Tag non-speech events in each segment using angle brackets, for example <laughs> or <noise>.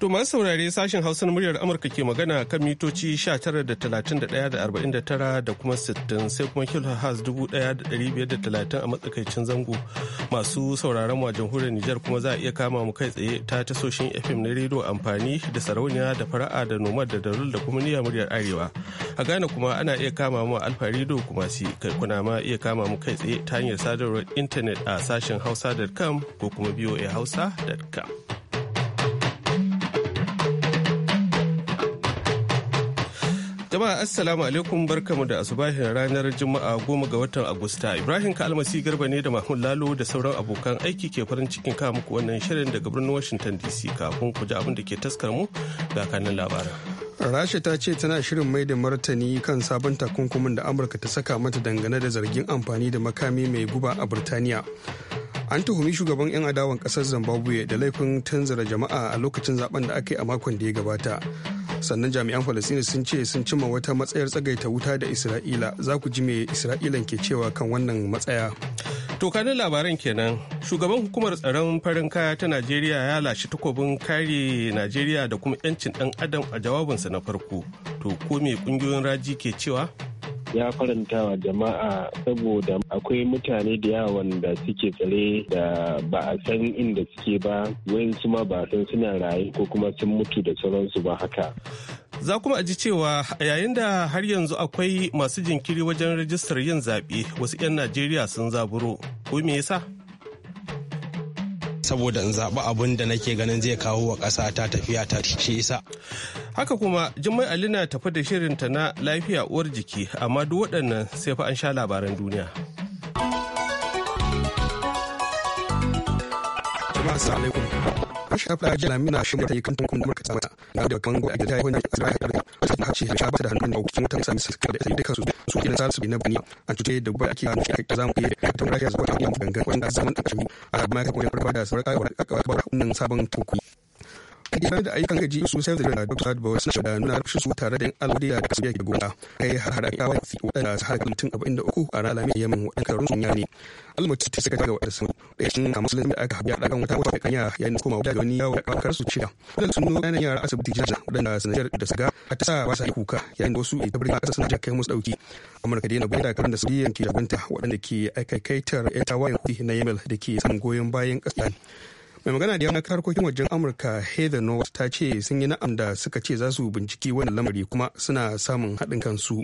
To masu saurare sashen Hausa na muryar Amurka ke magana kan mitoci 19,931,49 da kuma 60 sai kuma kilohertz 1,530 a matsakaicin zango. Masu sauraron wajen jamhuriyar Nijar kuma za a iya kama mu kai tsaye ta tasoshin FM na rediyo amfani da sarauniya da fara'a da nomad da darul da kuma niyyar muryar Arewa. A Ghana kuma ana iya kama mu alfa rediyo kuma si kai kuna ma iya kama mu kai tsaye ta hanyar sadarwar intanet a sashen hausa.com ko kuma hausa.com. Jama'a Assalamu alaikum barkamu da asubahin ranar Juma'a goma ga watan Agusta. Ibrahim ka almasi Garba ne da Mahmud Lalo da sauran abokan aiki ke farin cikin kawo muku wannan shirin daga birnin Washington DC kafin ku ji abin da ke taskar mu ga kanin labaran. Rasha ta ce tana shirin mai da martani kan sabon takunkumin da Amurka ta saka mata dangane da zargin amfani da makami mai guba a Burtaniya. An tuhumi shugaban 'yan adawan ƙasar Zimbabwe da laifin tanzara jama'a a lokacin zaben da aka yi a makon da ya gabata. sannan jami'an falasini sun ce sun cimma wata matsayar tsagaita wuta da isra'ila za ku ji me isra'ilan ke cewa kan wannan matsaya to kanin labaran kenan shugaban hukumar tsaron farin kaya ta najeriya ya lashe takobin kare najeriya da kuma 'yancin dan adam a jawabinsa na farko to ko me kungiyoyin raji ke cewa ya faranta wa jama'a saboda akwai mutane da yawa wanda suke tsare da ba a san inda suke ba wayansu ma ba san suna raye ko kuma sun mutu da sauransu ba haka za kuma a ji cewa yayin da har yanzu akwai masu jinkiri wajen rajistar yin zaɓe wasu 'yan najeriya sun zaburo ko me yasa saboda in zaɓi abun da nake ganin zai kawo wa ƙasa ta tafiya ta shi isa Haka kuma Jummai Ali na tafi da shirinta na lafiya uwar jiki amma duk waɗannan sai fa an sha labaran duniya. shafa jana mina ta da kan gida a da hannun da a cuce da shi ta zamu a a da sarƙa wa da ya da ayyukan gaji sosai da da dr bawai suna da nuna rashin su tare da yan alwadiya da kasar yake gona kai har har kawa waɗanda su haka mutum abin da uku a ranar yamin waɗanda karun sun yare almutu ta suka ga waɗanda sun ɗaya shi a musulmi da aka haɗa da kan wata wata mai kanya yayin da komawa daga wani yawo da kawakar su shida waɗanda sun nuna yanayin yara asibiti jaja waɗanda sanajar da suga a ta sa ba sa yi kuka yayin da wasu itabrin a da suna jakai musu ɗauki amurka dai na gwada karin da suriyan ke jaganta wadanda ke aikaitar 'yan tawayen na yamil da ke samun goyon bayan ƙasa mai magana da yawon karkokin wajen amurka heather nowat ta ce sun yi na'am da suka ce za su binciki wannan lamari kuma suna samun haɗin kansu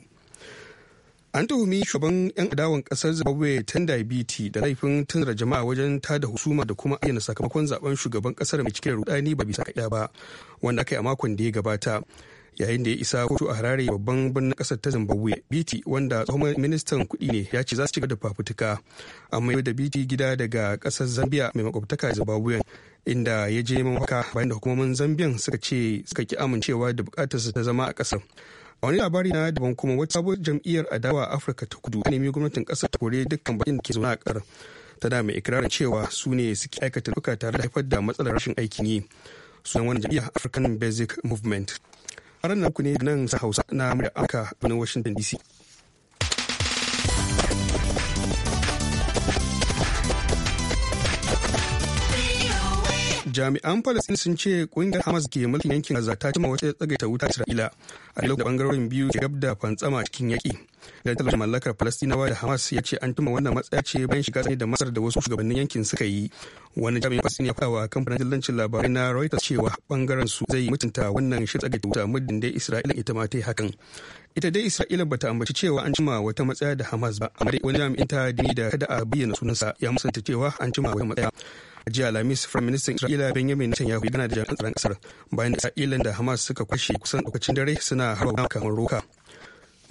an tuhumi shugaban 'yan adawan ƙasar zimbabwe tendai biti da laifin tunzura jama'a wajen tada husuma da kuma ayyana sakamakon zaben shugaban ƙasar mai cike da rudani ba bisa kaɗa ba wanda aka yi a makon da ya gabata yayin da ya isa kotu a harare babban birnin kasar ta zimbabwe bt wanda tsohon ministan kuɗi ne ya ce za su ci da fafutuka amma da bt gida daga kasar zambia mai makwabtaka zimbabwe inda ya je mafaka bayan da hukumomin zambian suka ce suka ki amincewa da su ta zama a kasar a wani labari na daban kuma wata sabuwar jam'iyyar adawa afirka ta kudu nemi gwamnatin kasar ta kore dukkan bakin da ke zaune a kasar tana mai ikirarin cewa su ne suke aikata duka tare da haifar da matsalar rashin aikin yi sunan wani jam'iyyar african basic movement labaran ku ne nan sa hausa na murya amurka a washington dc jami'an palestine sun ce kungiyar hamas ke mulkin yankin gaza ta cima wata tsagaita wuta isra'ila a lokacin da bangarorin biyu ke gabda fantsama cikin yaki da talabijin mallakar palestinawa da hamas ya ce an tuma wannan matsaya ce bayan shiga tsani da masar da wasu shugabannin yankin suka yi wani jami'in palestine ya faɗa kamfanin dillancin labarai na reuters cewa bangaren su zai mutunta wannan shi tsagaita wuta muddin dai isra'ila ita ma ta yi hakan ita dai isra'ila bata ambaci cewa an cima wata matsaya da hamas ba amma dai wani jami'in ta da kada a bayyana sunansa ya musanta cewa an cima wata matsaya jiya alhamis firayim ministan isra'ila benjamin netanyahu gana da jami'an tsaron kasar bayan da isra'ilan da hamas suka kwashe kusan lokacin dare suna harba kamar roka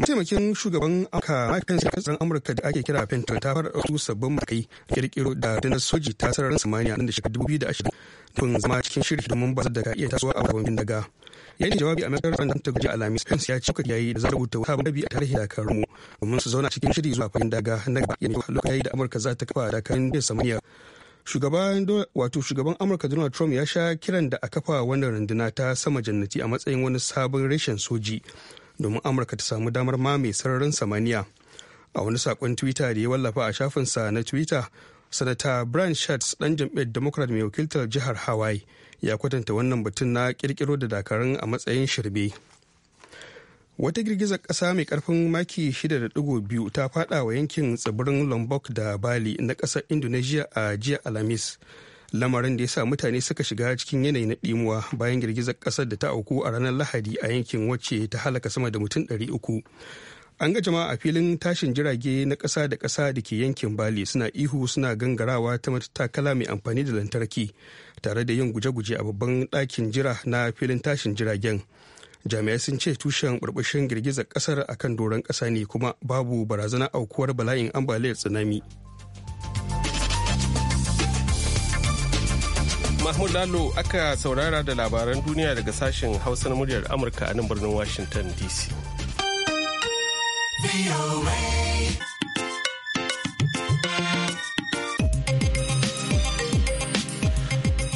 mataimakin shugaban amurka mike pence tsaron amurka da ake kira pentagon ta fara wasu sabbin makai kirkiro da dana soji ta sararin samaniya nan da shekaru dubu biyu da ashirin don zama cikin shirin domin ba da iya tasowa a babban daga yayin jawabi a matsayin ran ta guji alamis pence ya kuka yayi da zara rubuta wata babi a tarihi dakarun mu domin su zauna cikin shiri zuwa fagen daga na gaba yanzu da da amurka za ta kafa dakarun bai samaniya shugaban shugaban amurka donald trump ya sha kiran da a kafa wannan runduna ta sama jannati a matsayin wani sabon reshen soji domin amurka ta samu damar ma mai sararin samaniya a wani sakon twitter da ya wallafa a shafinsa na twitter sanata brian shatz dan jam'iyyar democrat mai wakiltar jihar hawaii ya kwatanta wannan batun na kirkiro da dakarun a matsayin shirbe. wata girgizar ƙasa mai ƙarfin maki 6.2 ta fada wa yankin tsibirin lombok da bali na ƙasar indonesia a jiya alhamis lamarin da ya sa mutane suka shiga cikin yanayi na ɗimuwa bayan girgizar ƙasar da ta auku a ranar lahadi a yankin wacce ta halaka sama da mutum 300 an ga jama'a a filin tashin jirage na ƙasa da ƙasa da ke yankin bali suna ihu suna gangarawa ta matakala mai amfani da lantarki tare da yin guje-guje a babban ɗakin jira na filin tashin jiragen jami'ai sun ce tushen burbushin girgizar kasar akan doron kasa ne kuma babu barazana aukuwar bala'in ambaliyar tsunami mahmud lalo aka saurara da labaran duniya daga sashen hausa na muryar amurka a nan birnin washington dc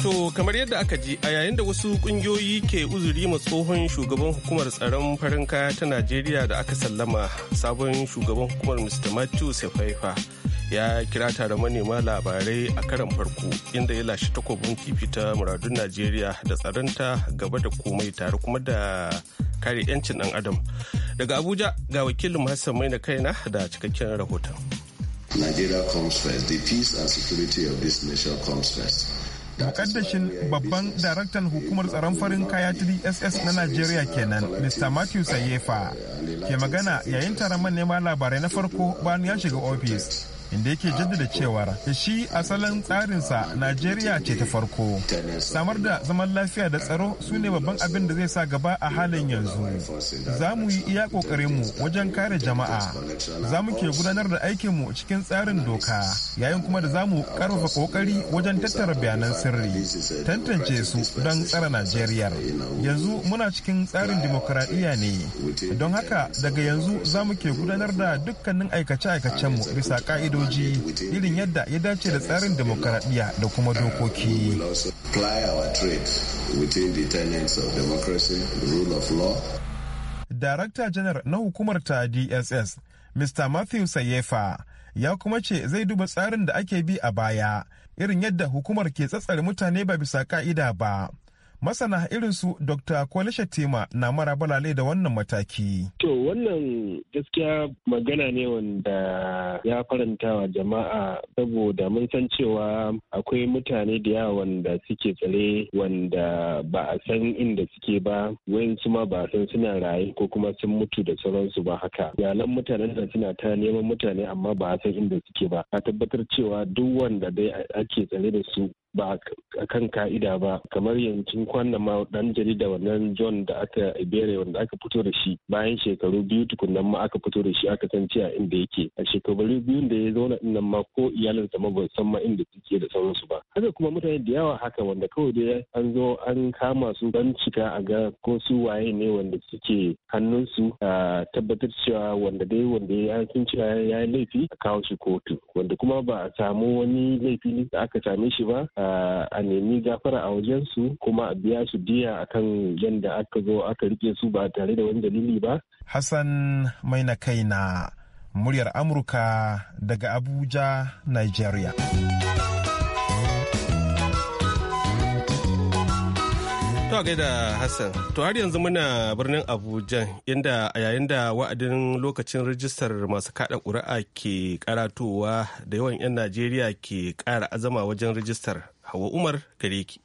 To kamar yadda aka ji a yayin da wasu kungiyoyi ke uzuri ma tsohon shugaban hukumar tsaron farin kaya ta Najeriya da aka sallama sabon shugaban hukumar Mr. Matthew Sefaifa ya kira tare manema labarai a karan farko inda ya lashe takobin kifi ta muradun Najeriya da tsaronta gaba da komai tare kuma da kare 'yancin ɗan adam. Daga Abuja ga wakilin Hassan Mai na kaina da cikakken rahoton. Nigeria comes first. The peace and security of this nation comes first. mukaddashin babban daraktan hukumar tsaron farin kaya 3ss na najeriya kenan mr matthew sayefa ke magana yayin taron manema labarai na farko bayan ya shiga ofis inda yake jaddada cewar shi asalin tsarinsa najeriya ce ta farko samar da zaman lafiya da tsaro su ne babban abin da zai sa gaba a halin yanzu za mu yi iya mu wajen kare jama'a za mu ke gudanar da aikinmu cikin tsarin doka yayin kuma da za mu karfafa kokari wajen tattara bayanan sirri tantance su don tsara najeriya yanzu muna cikin tsarin dimokuraɗiyya ne don haka daga yanzu za mu ke gudanar da dukkanin aikace-aikacenmu bisa ka'ido ƙa'idoji irin yadda ya dace da tsarin demokaradiyya da kuma dokoki. Darakta janar na hukumar ta DSS, Mr. Matthew Sayefa, ya kuma ce zai duba tsarin da ake bi a baya, irin yadda hukumar ke tsatsar mutane ba bisa ka'ida ba. masana irin su dr kwalisha tema na mara balale da wannan mataki to wannan gaskiya magana ne wanda ya faranta wa jama'a saboda mun san cewa akwai mutane da yawa wanda suke tsare wanda ba a san inda suke ba wayansu ma ba san suna raye ko kuma sun mutu da sauransu ba haka iyalan mutanen da suna ta neman mutane amma ba a san inda suke ba a tabbatar cewa duk wanda dai ake tsare da su ba a kan ka'ida ba kamar yankin kwanan ma dan jarida wannan john da aka ibere wanda aka fito da shi bayan shekaru biyu tukunan ma aka fito da shi aka san cewa inda yake a shekaru biyun da ya zauna dinnan ma ko iyalinsa ma ban san ma inda suke da sauransu ba haka kuma mutane da yawa haka wanda kawai dai an zo an kama su dan cika a ga ko su waye ne wanda suke hannunsu a tabbatar cewa wanda dai wanda ya sun cewa ya yi laifi a kawo shi kotu wanda kuma ba a samu wani laifi da aka same shi ba a a nemi gafara a wajensu kuma a biya su diya akan yadda aka zo aka rike su ba tare da wani dalili ba. Hassan mai na kai na muryar Amurka daga Abuja, Nigeria. To gaida Hassan, to har yanzu muna birnin Abuja inda a yayin da wa'adin lokacin rijistar masu kada ƙuri'a ke karatowa da yawan 'yan Najeriya ke ƙara azama wajen rijistar Hawa Umar gare ki.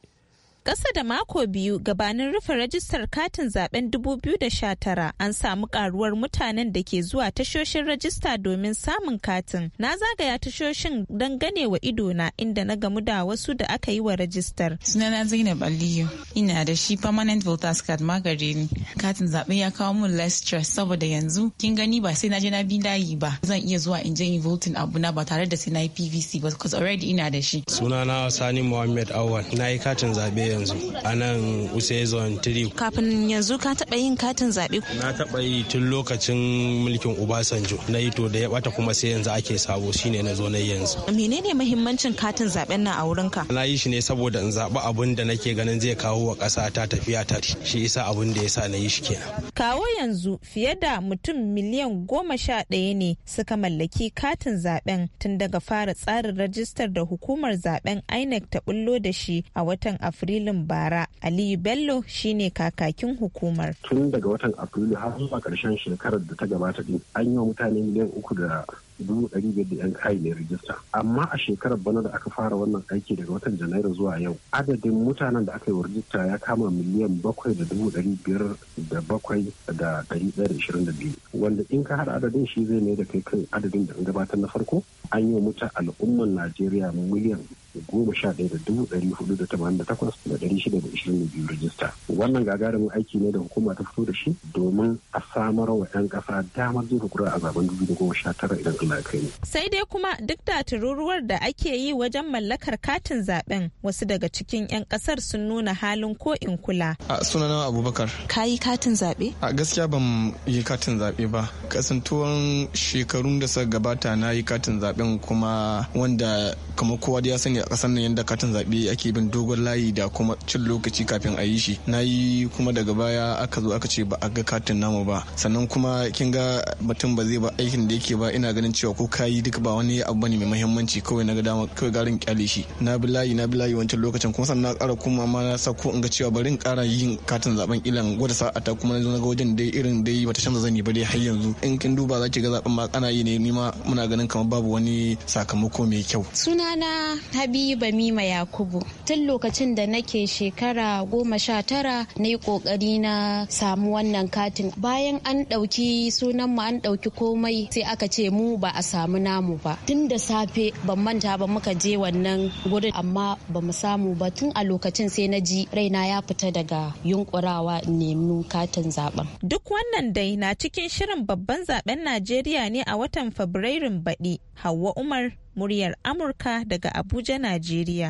Ƙasa da mako biyu gabanin rufe rajistar katin zaben 2019 an samu karuwar mutanen da ke zuwa tashoshin rajista domin samun katin. Na zagaya tashoshin don gane wa idona inda na gamu da wasu da aka yi wa rajistar. Sunana Zainab Aliyu, ina da shi permanent voters card magare Katin zaɓe ya kawo mun less stress saboda yanzu kin gani ba sai na je na bi layi ba. Zan iya zuwa in je in voting abu na ba tare da sai na yi PVC ba because already ina da shi. Sunana Sani Muhammad Awal, na yi katin zaɓe yanzu a nan usai 3 kafin yanzu ka taɓa yin katin zaɓe na taɓa yi tun lokacin mulkin ubasanjo na yi to da ya bata kuma sai yanzu ake sabo shine na zo na yanzu menene mahimmancin katin zaben nan a wurinka na yi shi ne saboda in zaɓi abun da nake ganin zai kawo wa ƙasa ta tafiya ta shi isa abin da ya sa na yi shi kenan kawo yanzu fiye da mutum miliyan goma sha ɗaya ne suka mallaki katin zaɓen tun daga fara tsarin rajistar da hukumar zaɓen inec ta bullo da shi a watan afrilu Afrilun bara. Aliyu Bello shine kakakin hukumar. Tun daga watan Afrilu har zuwa karshen shekarar da ta gabata an yi wa mutane miliyan uku da dubu ɗari biyar da yan kai ne rijista amma a shekarar bana da aka fara wannan aiki daga watan janairu zuwa yau adadin mutanen da aka yi rijista ya kama miliyan bakwai da dubu ɗari biyar da bakwai da ɗari ɗaya da ishirin da biyu wanda in ka haɗa adadin shi zai ne da kai kan adadin da an gabatar na farko an yi muta al'umman najeriya miliyan goma sha ɗaya da dubu ɗari hudu da tamanin da takwas da ɗari shida da ishirin da biyu rijista wannan gagarumin aiki ne da hukuma ta fito da shi domin a samar wa 'yan ƙasa damar jin kura a zaben dubu da goma sha tara idan kai Sai dai kuma duk da tururuwar da ake yi wajen mallakar katin zaben wasu daga cikin 'yan kasar sun nuna halin ko in kula. A sunana Abubakar. Ka yi katin zaɓe? A gaskiya ban yi katin zaɓe ba. Kasantuwan shekarun da suka gabata na yi katin zaɓen kuma wanda kamar kowa da ya sani a kasar nan yadda katin zaɓe ake bin dogon layi da kuma cin lokaci kafin a yi shi. Na yi kuma daga baya aka zo aka ce ba a ga katin namu ba. Sannan kuma kin ga mutum ba zai ba aikin da yake ba ina ganin cewa ko kayi duka ba wani abu bane mai muhimmanci kawai na ga dama kawai garin kyale shi na bi layi na bi layi wancan lokacin kuma sannan na kara kuma ma na sa ko in ga cewa bari in kara yin katin zaben ilan gwada sa'a ta kuma na ga wajen dai irin dai bata canza zani ba dai har yanzu in kin duba za ki ga zaben ma kana yi ne ni ma muna ganin kamar babu wani sakamako mai kyau sunana habiba mima yakubu tun lokacin da nake shekara goma sha tara na yi kokari na samu wannan katin bayan an ɗauki sunan mu an ɗauki komai sai aka ce mu ba a samu namu ba tun da safe ban manta ba muka je wannan gurin amma ba mu samu ba tun a lokacin sai na ji raina ya fita daga yunkurawa nemi katin zaben duk wannan dai na cikin shirin babban zaben najeriya ne a watan fabrairun baɗi hawa umar muryar amurka daga abuja najeriya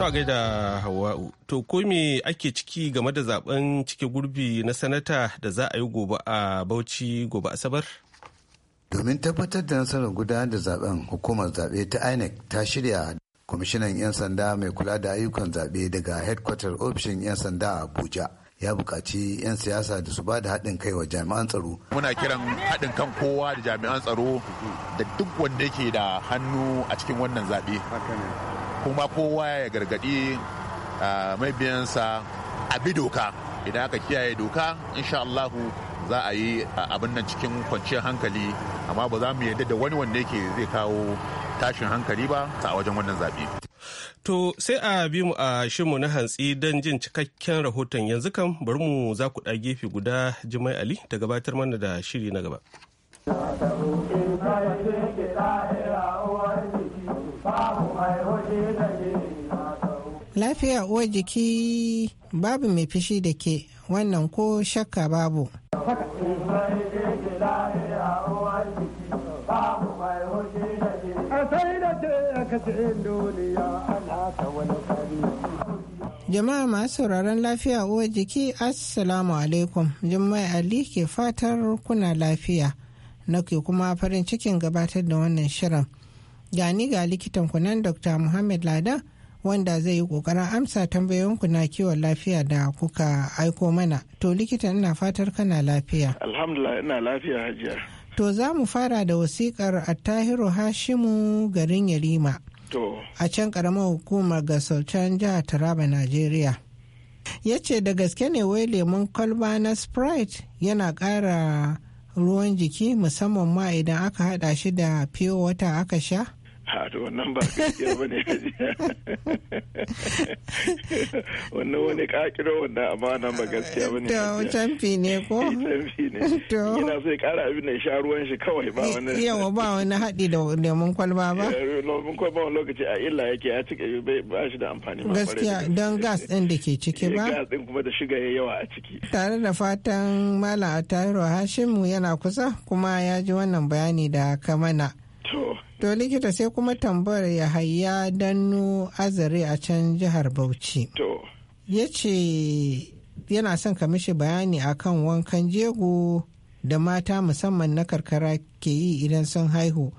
To a gaida Hawa'u. To ko ake ciki game da zaben cike gurbi na sanata da za a yi gobe a Bauchi gobe Asabar? Domin tabbatar da nasarar gudanar da zaben hukumar zaɓe ta INEC ta shirya kwamishinan 'yan sanda mai kula da ayyukan zaɓe daga headquarter ofishin 'yan sanda a Abuja. ya bukaci 'yan siyasa da su ba da haɗin kai wa jami'an tsaro. Muna kiran haɗin kan kowa da jami'an tsaro da duk wanda yake da hannu a cikin wannan zaɓe. kuma kowa ya gargadi ah, mabiyansa a bi doka idan aka kiyaye doka insha Allahu za a yi ah, abin nan cikin kwanciyar hankali amma ba za mu yarda da wani wanda yake zai kawo tashin hankali ba a wajen wannan zaɓe. To sai a bi mu a shimu na hantsi don jin cikakken rahoton yanzu kan bari mu za ku ɗa gefe guda Jimai Ali ta gabatar mana da shiri na gaba. Babu Lafiya uwar jiki babu mai fishi da ke wannan ko shakka babu. Jama'a masu sauraron lafiya uwar jiki Assalamu alaikum Jummai Ali ke fatar kuna lafiya na ke kuma farin cikin gabatar da wannan shirin. Gani ga likitan kunan Dr. Muhammad Ladan wanda zai yi kokarin amsa tambayoyinku na kiwon lafiya da kuka aiko mana to likita ina fatar kana lafiya alhamdulillah ina lafiya hajiya to za mu fara da wasikar attahiru hashimu garin yarima a can ƙaramar hukumar ga sultan jihar taraba najeriya ya ce da gaske ne wai lemun kwalba na sprite yana ƙara ruwan jiki musamman ma idan aka haɗa shi da fiye wata aka sha a to wannan ba gaskiya ba ne wannan wani kakiro wannan amma nan ba gaskiya ba ne to canfi ne ko eh, canfi ne yana sai kara abin da sha ruwan shi kawai ba eh, wani yawa ba wani haɗi da lemun kwalba ba eh, lemun kwalba wani lokaci a illa yake ya cika ba shi da amfani ba gaskiya don gas ɗin da ke ciki ba gas ɗin kuma da shiga ya yawa a ciki tare da fatan malam atahiru hashimu yana kusa kuma ya ji wannan bayani da kamana. To likita sai kuma tambayar ya hayya dannu azare a can jihar Bauchi. To. Ya ce yana son ka mishi bayani akan wankan jego da mata musamman na karkara ke yi idan sun haihu.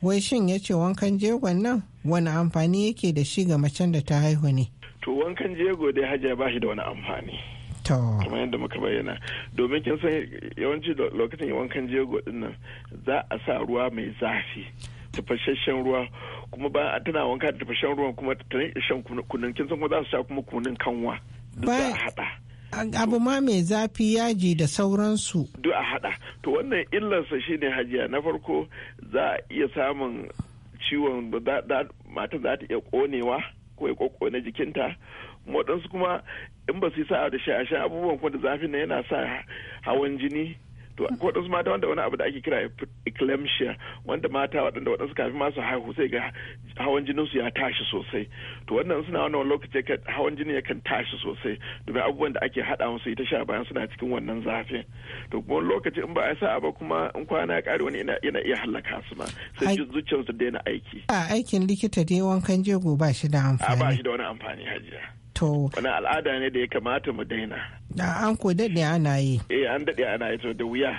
Wai shin ya ce wankan jegon nan wani amfani yake da shi ga macen da ta haihu ne? To wankan jego dai hajiya ba shi da wani amfani. kamar yadda muka bayyana domin kin san yawanci lokacin wankan jego din nan za a sa ruwa mai zafi tafashashen ruwa kuma ba tana wanka da tafashen ruwan kuma ta rinka shan kunun kin san kuma za su sha kuma kunun kanwa duk a hada abu ma mai zafi yaji da sauransu duk a hada to wannan illarsa shine hajiya na farko za a iya samun ciwon mata za ta iya konewa ko ya kokone jikinta waɗansu kuma in ba su yi sa'a da shan abubuwan kuma da zafin nan yana sa hawan jini to ko wadansu mata wanda wani abu da ake kira eclampsia wanda mata waɗanda waɗansu kafin masu haihu sai ga hawan jinin su ya tashi sosai to wannan suna wannan lokaci hawan jini yakan tashi sosai bai abubuwan da ake haɗa musu ita sha bayan suna cikin wannan zafin to kuma lokaci in ba a sa ba kuma in kwana ya ƙare wani yana iya halaka su ma sai zuciyarsu daina aiki a aikin likita dai wankan jego ba shi da amfani a ba shi da wani amfani hajiya To. Wani al'ada ne da ya kamata mu daina. Da an ko daɗe ana yi. Eh an daɗe ana yi to da wuya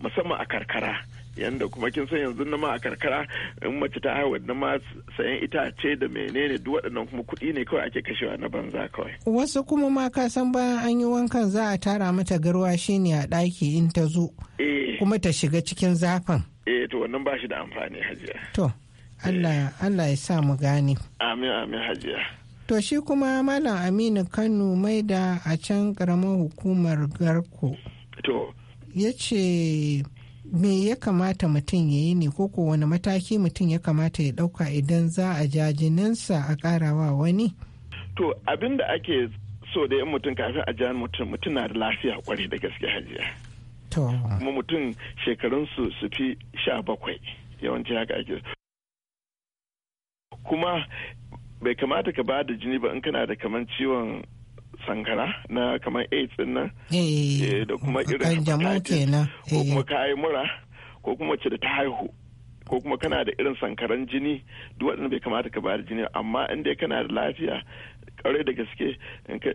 musamman a karkara. yanda kuma kin san yanzu nama a karkara in mace ta haihuwa na ma sayan itace da menene duk waɗannan kuma kuɗi ne kawai ake kashewa na banza kawai. Wasu kuma ma ka san bayan an yi wankan za a tara mata garwa shi ne a ɗaki in ta zo. Eh. Kuma ta shiga cikin zafin. Eh to wannan ba shi da amfani hajiya. To eh. Allah Allah ya sa mu gane. Amin amin hajiya. To shi kuma Malam Aminu Kano maida a can karamar hukumar Garko. To. Ya ce me ya kamata mutum ya yi ne koko wani mataki mutum ya kamata ya ɗauka idan za a jajininsa a ƙarawa wani? To abin da ake so da yan mutum kafin a jan mutum mutum na da lafiya kwarai da gaske hajiya. To. Kuma mutum shekarunsu su fi sha bakwai yawanci haka ake. Kuma bai kamata ka ba da jini ba in kana da kaman ciwon sankara na kamar aids din nan eh, eh, da kuma irin ko eh. kuma ka yi mura ko kuma ce da ta haihu ko kuma kana da irin sankaran jini duk waɗanda bai kamata ka ba da jini amma in dai kana da lafiya kwarai da gaske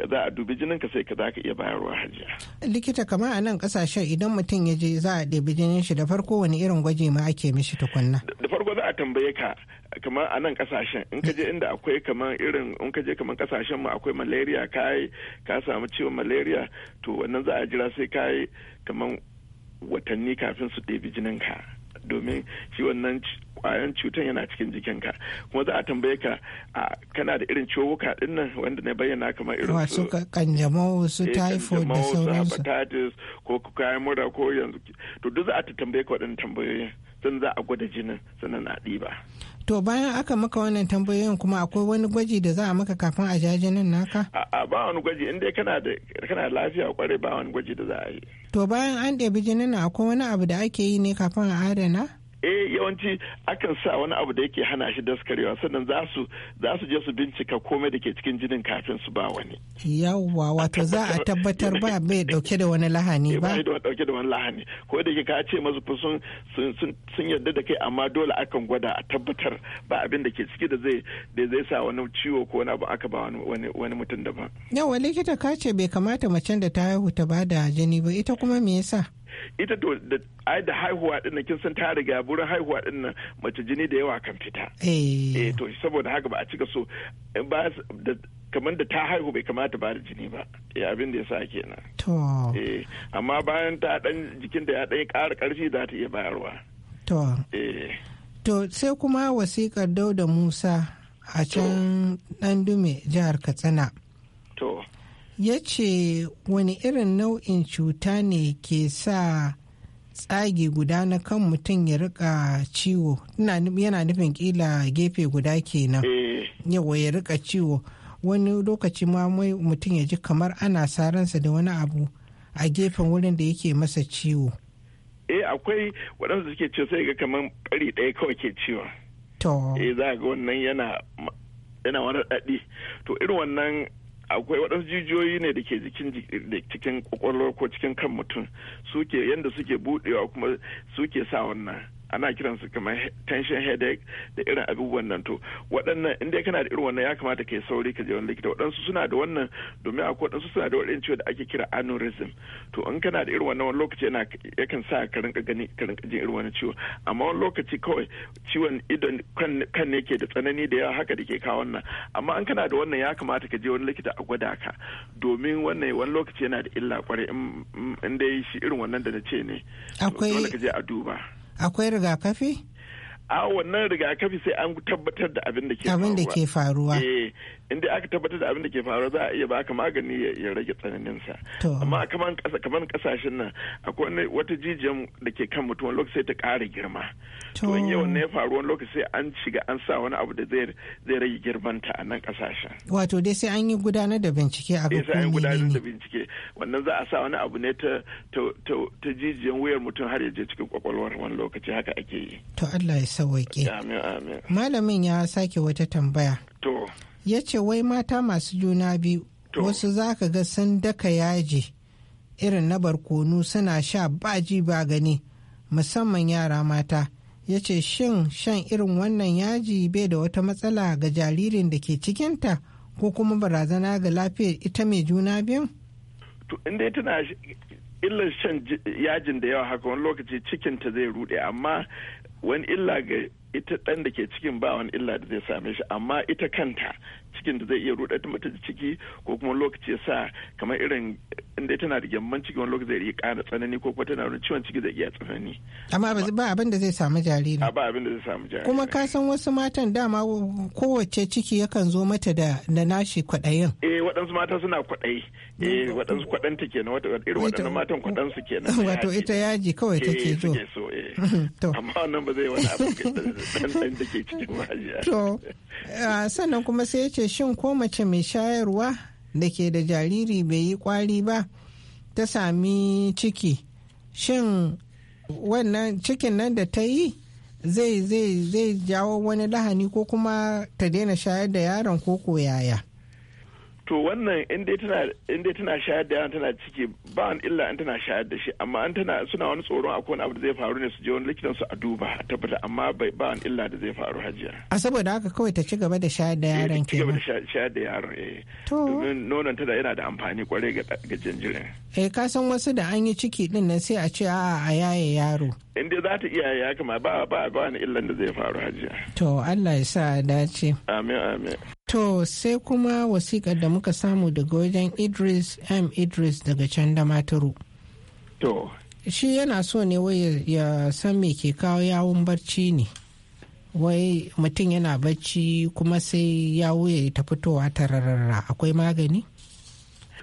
za a dubi jinin ka sai ka za ka iya bayarwa hajiya. likita kamar a nan kasashen idan mutum ya je za a ɗebi jinin shi da farko wani irin gwaji ma ake mishi tukunna. da farko za a tambaye ka kamar a nan kasashen in ka je inda akwai kamar irin in ka je kamar kasashen mu akwai malaria kai ka samu ciwon malaria to wannan za a jira sai kai kamar watanni kafin su ɗebi jinin ka. domin shi wannan kwayan cutan yana cikin jikinka kuma za a tambaye ka kana da irin ciwuka din nan wanda na bayyana kamar irin su kanjamau su eh, typhoid da sauransu hepatitis ko kayan mura ko yanzu to duk za a tambaye ka waɗannan tambayoyin sannan za a gwada jinin sannan a ɗiba. to bayan aka maka wannan tambayoyin kuma akwai wani gwaji da za a maka kafin a jinin naka a ba wani gwaji inda kana da kana lafiya kwarai ba wani gwaji da za a yi to bayan an ɗebi jinin akwai wani abu da ake yi ne kafin a adana eh yawanci akan sa wani abu da yake hana shi daskarewa sannan za su za su je su bincika komai da ke cikin jinin kafin su ba wani yawwa wato za a tabbatar ba mai dauke da wani lahani <laughs> ba bai dauke da wani lahani ko da yake ka ce masu fa sun sun yarda da kai amma dole akan gwada a tabbatar ba abin da ke ciki da zai da zai sa wani ciwo ko wani abu aka ba wani wani mutum daban yawwa likita ka ce bai kamata macen da ta haihu ta ba da jini ba ita kuma me yasa ita to da ai da haihuwa din kin san ta riga burin haihuwa din mace jini da yawa kan fita eh. eh to saboda haka ba a cika so ba kamar da ta haihu bai kamata ba da jini ba ya eh, abin da ya sa kenan to eh amma bayan ta dan jikin da ya dan ƙara ƙarfi za ta iya bayarwa to eh to sai kuma wasikar Dauda Musa a can dan dume jihar Katsina to ya ce wani irin nau'in cuta ne ke sa tsage guda na kan mutum ya rika ciwo yana nufin kila gefe guda kenan eh. yawa ya rika ciwo wani lokaci ma mutum ya ji kamar ana saransa da wani abu a gefen wurin da yake masa ciwo eh akwai waɗansu suke ciwo sai ga kamar ɓari ɗaya kawai ke to eh za ga wannan yana yana wani daɗi to irin wannan akwai waɗansu jijiyoyi ne da ke jikin cikin kwakwalwar ko cikin kan mutum suke yadda suke budewa kuma suke sa wannan ana kiransu kamar tension headache da irin abubuwan nan to waɗannan in dai kana da irin wannan ya kamata ka yi sauri ka je wani likita waɗansu suna da wannan domin akwai waɗansu suna da waɗannan ciwo da ake kira aneurysm to in kana da irin wannan wani lokaci yana yakan sa ka rinka gani ka rinka jin irin wannan ciwo amma wani lokaci kawai ciwon idon kan ne ke da tsanani da yawa haka da ke kawo wannan amma in kana da wannan ya kamata ka je wani likita a gwada ka domin wannan wani lokaci yana da illa kwarai in dai shi irin wannan da na ce ne akwai ka je a duba akwai rigakafi? a wannan rigakafi sai an tabbatar da abin da ke faruwa. ke faruwa. Eh, inda aka tabbatar da abin da ke faruwa za a iya baka magani ya rage tsananin sa amma kamar kasashen nan akwai wata jijiyar da ke kan mutum lokaci ta ƙara girma to in yau ne faru wani lokaci an shiga an sa wani abu da zai rage girman ta a nan kasashen wato dai sai an yi gudanar da bincike a ga eh, sai an gudanar da bincike wannan za a sa wani abu ne ta ta jijiyar wuyar mutum har ya je cikin kwakwalwar wani lokaci haka ake yi to Allah ya sauwaƙe amin amin malamin ya sake wata tambaya to ya ce wai mata masu juna biyu wasu za ka ga sun daka yaji irin na barkonu suna sha baji ba gani musamman yara mata ya ce shin shan irin wannan yaji bai da wata matsala ga jaririn da ke cikinta ko kuma barazana ga lafiyar ita mai juna biyun? to inda tana illar shan yajin da yawa haka wani lokaci cikinta zai rude amma wani illa ga ita ɗan da ke cikin ba wani illa da zai same shi amma ita kanta cikin da zai iya rudar mata ciki ko kuma lokaci ya sa kamar irin inda tana da gyamman ciki wani lokaci zai iya ƙara tsanani ko kuma tana da ciwon ciki zai iya tsanani. Amma ba abin da zai samu jariri. Ba abin da zai samu jariri. Kuma ka san wasu matan dama kowace ciki yakan zo mata da na nashi kwaɗayin. Eh waɗansu mata suna kwaɗayi. Eh waɗansu kwaɗanta kenan irin waɗannan matan kwaɗansu kenan. <laughs> Wato ita yaji kawai eh, take so. Eh. <laughs> To. Amma wannan ba zai wani abin <laughs> da ke cikin mahajiya. To sannan kuma sai ya ce ce shin ko mace mai shayarwa da ke da jariri bai yi kwari ba ta sami ciki shin wannan cikin nan da ta yi zai jawo wani lahani ko kuma ta daina shayar da yaron ko koyaya. yaya to wannan in dai tana shayar da yaron tana ciki ba an illa an tana shayar da shi amma an tana suna wani tsoron akwai wani abu da zai faru ne su je wani likitan su a duba a tabbata amma bai ba an illa da zai faru hajiya a saboda haka kawai ta ci gaba da shayar da eh, yaron ke ci gaba da shayar da yaron eh domin nonon ta da yana da amfani kwarai ga jinjirin eh ka san wasu da an yi ciki din nan sai a ce a'a a yaye yaro in dai za ta iya ya kama ba ba ba ni illan da zai faru hajiya to Allah ya sa dace amin amin to sai kuma wasikar da muka samu daga wajen Idris M Idris daga can da maturu to shi yana so ne wai ya san me ke kawo yawon barci ne wai mutum yana barci kuma sai yawo ya ta fitowa tararra akwai magani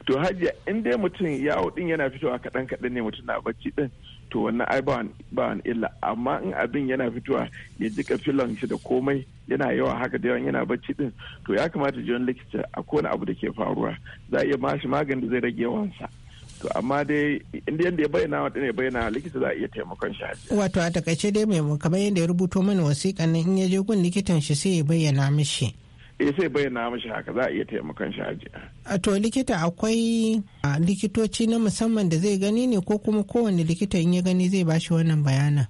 to hajiya in dai mutum yawo din yana fitowa kaɗan kaɗan ne mutum na barci din to wannan ai ba wani illa amma in abin yana fitowa ya jika filon shi da komai yana yawa haka da yawan yana bacci din to ya kamata jiyon likita a kowane abu da ke faruwa za a iya ma shi magani da zai rage sa to amma dai inda yanda ya bayyana wa ya bayyana likita za a iya taimakon shi wato a takaice dai mai kamar yadda ya rubuto mana wasiƙa nan in ya je gun likitan shi sai ya bayyana mishi eh sai bayyana mashi haka za a iya taimakon shi aji. A to likita akwai likitoci na musamman da zai gani ne ko kuma kowane likita in ya gani zai bashi wannan bayanan.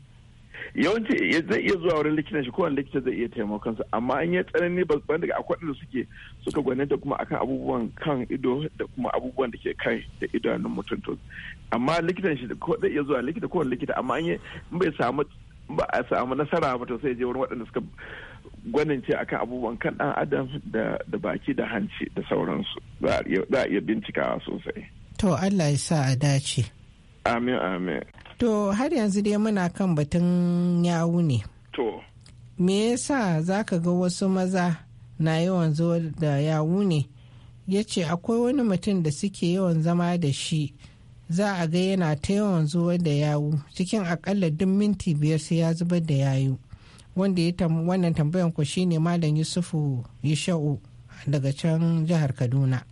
yawanci zai iya zuwa wurin likitan shi kowane likita zai iya taimakon sa amma an yi tsanani ba ban daga akwai da suke suka gwaninta kuma akan abubuwan kan ido da kuma abubuwan da ke kai da idanun mutum to amma likitan shi zai iya zuwa likita kowane likita amma in bai samu ba a samu nasara ba to sai je wurin waɗanda suka Gwanin ce akan abubuwan kan ɗan adam da baki da hanci da sauransu za a iya bincikawa sosai. To Allah ya sa a dace. Amin amin. To har yanzu dai muna kan batun yawu ne. To. Me yasa za ka ga wasu maza na yawan zuwa da yawu ne? Ya ce akwai wani mutum da suke yawan zama da shi za a ga yana ta yawan zuwa da yawu cikin akalla duk minti biyar sai ya zubar da yayu. wanda ya wannan tambayan ku shine malam yusufu yishau daga can jihar kaduna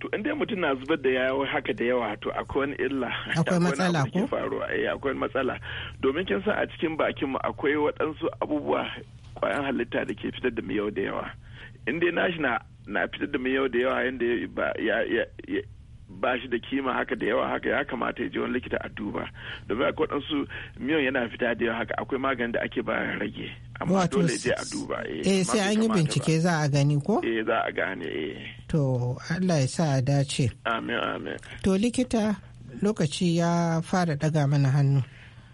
to inda mutum na zubar da yawo haka da yawa to akwai wani illa akwai matsala ko Akwai akwai eh, matsala domin kin san a cikin bakin mu akwai waɗansu abubuwa kwayan halitta da ke fitar da mu yau da yawa inda na shi na fitar da mu yau da yawa yanda ba shi da kima haka da yawa haka ya kamata ya je wani likita a duba domin akwai waɗansu miyan yana fita da yawa haka akwai magani da ake bayan rage amma dole je a duba eh, eh sai an yi bincike za a gani ko eh za a gane eh to Allah ya sa a dace amin amin to likita lokaci ya fara daga mana hannu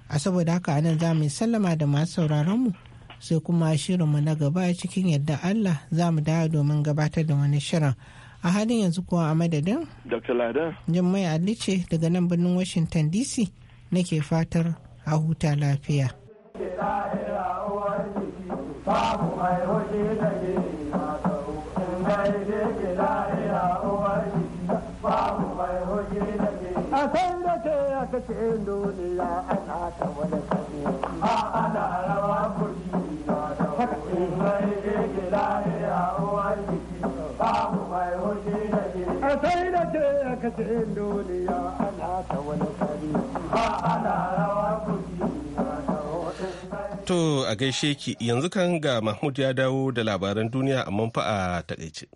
a saboda haka anan za mu sallama da masu sauraron mu sai kuma shirin mu na gaba cikin yadda Allah za mu dawo domin gabatar da wani shirin a halin yanzu kuwa a madadin dr ladan jummai ali ce daga nan birnin washington dc nake fatar a huta lafiya akwai da ke aka ce duniya ana ta wani kare a ana rawa kuri ka To a gaishe ki yanzu kan ga Mahmud ya dawo da labaran duniya amma fa a takaice.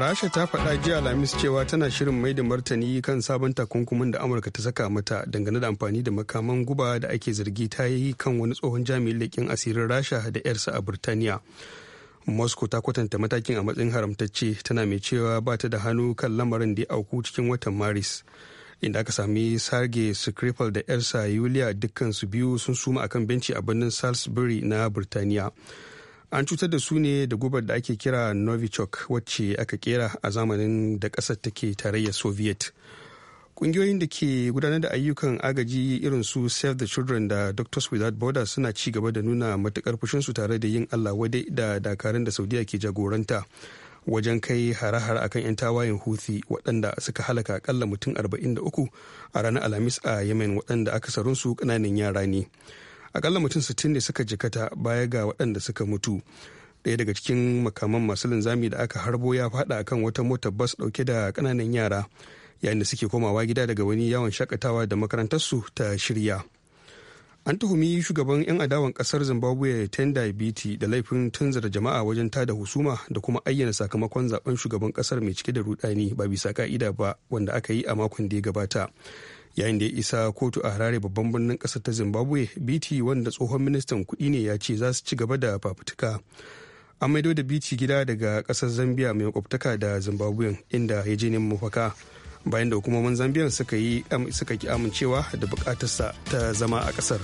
Rasha ta faɗa jiya Lamis cewa tana shirin mai da martani kan sabon takunkumin da Amurka ta saka mata dangane da amfani da makaman guba da ake zargi ta yi kan wani tsohon jami'in leƙin asirin Rasha da 'yarsa a Burtaniya. moscow ta kwatanta matakin a matsayin haramtacce tana mai cewa ba ta da hannu kan lamarin da ya auku cikin watan maris inda aka sami sarge skripal da elsa yulia dukkansu biyu sun suma akan benci a birnin salisbury na birtaniya an cutar da su ne da gubar da ake kira novichok wacce aka kera a zamanin da ƙasar take tarayyar soviet Ƙungiyoyin da ke gudanar da ayyukan agaji irin su Save the Children da Doctors Without Borders suna ci gaba da nuna matukar fushinsu tare da yin Allah wadai da dakarun da Saudiya ke jagoranta wajen kai hare-hare akan 'yan tawayen Houthi waɗanda suka halaka akalla mutum 43 a ranar Alhamis a Yemen waɗanda aka su ƙananan yara ne. Akalla mutum 60 ne suka jikata baya ga waɗanda suka mutu. ɗaya daga cikin makaman masu linzami da aka harbo ya faɗa akan wata motar bas ɗauke da ƙananan yara yayin da suke komawa gida daga wani yawon shakatawa da makarantarsu ta shirya an tuhumi shugaban 'yan adawan kasar zimbabwe tendai biti da laifin tunzura jama'a wajen tada husuma da kuma ayyana sakamakon zaben shugaban kasar mai cike da rudani ba bisa ka'ida ba wanda aka yi a makon da ya gabata yayin da ya isa kotu a harare babban birnin kasar ta zimbabwe biti wanda tsohon ministan kudi ne ya ce za su ci gaba da fafutuka an maido da biti gida daga kasar zambia mai makwabtaka da zimbabwe inda ya je neman mafaka bayan da hukumomin zambia suka yi suka ki amincewa da bukatarsa ta zama a kasar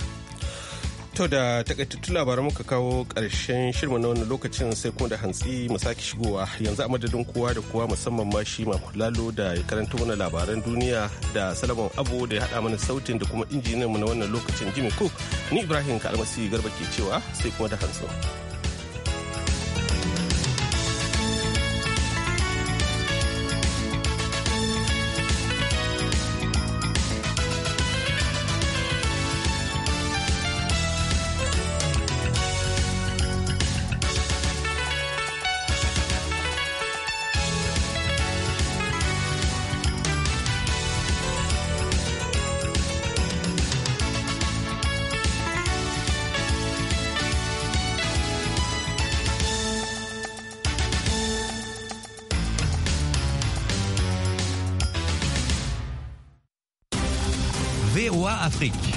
to da takaitattun labaran muka kawo karshen shirma na wannan lokacin sai kuma da hantsi mu sake shigowa yanzu a madadin kowa da kowa musamman ma shi lalo da karanta mana labaran duniya da salaman abu da ya haɗa mana sautin da kuma mu na wannan lokacin jimmy cook ni ibrahim kalmasi garba ke cewa sai kuma da hantsi